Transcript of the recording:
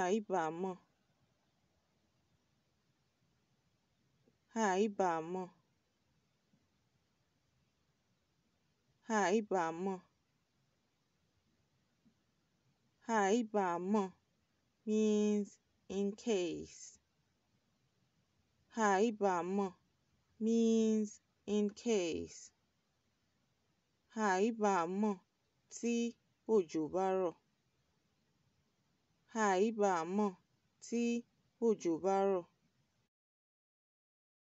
àíbámọ̀ àíbámọ̀ àíbámọ̀ àíbámọ̀ means in case àíbámọ̀ means in case àíbámọ̀ tí òjò bá rọ̀ àí báà mọ̀ tí òjò bá rọ̀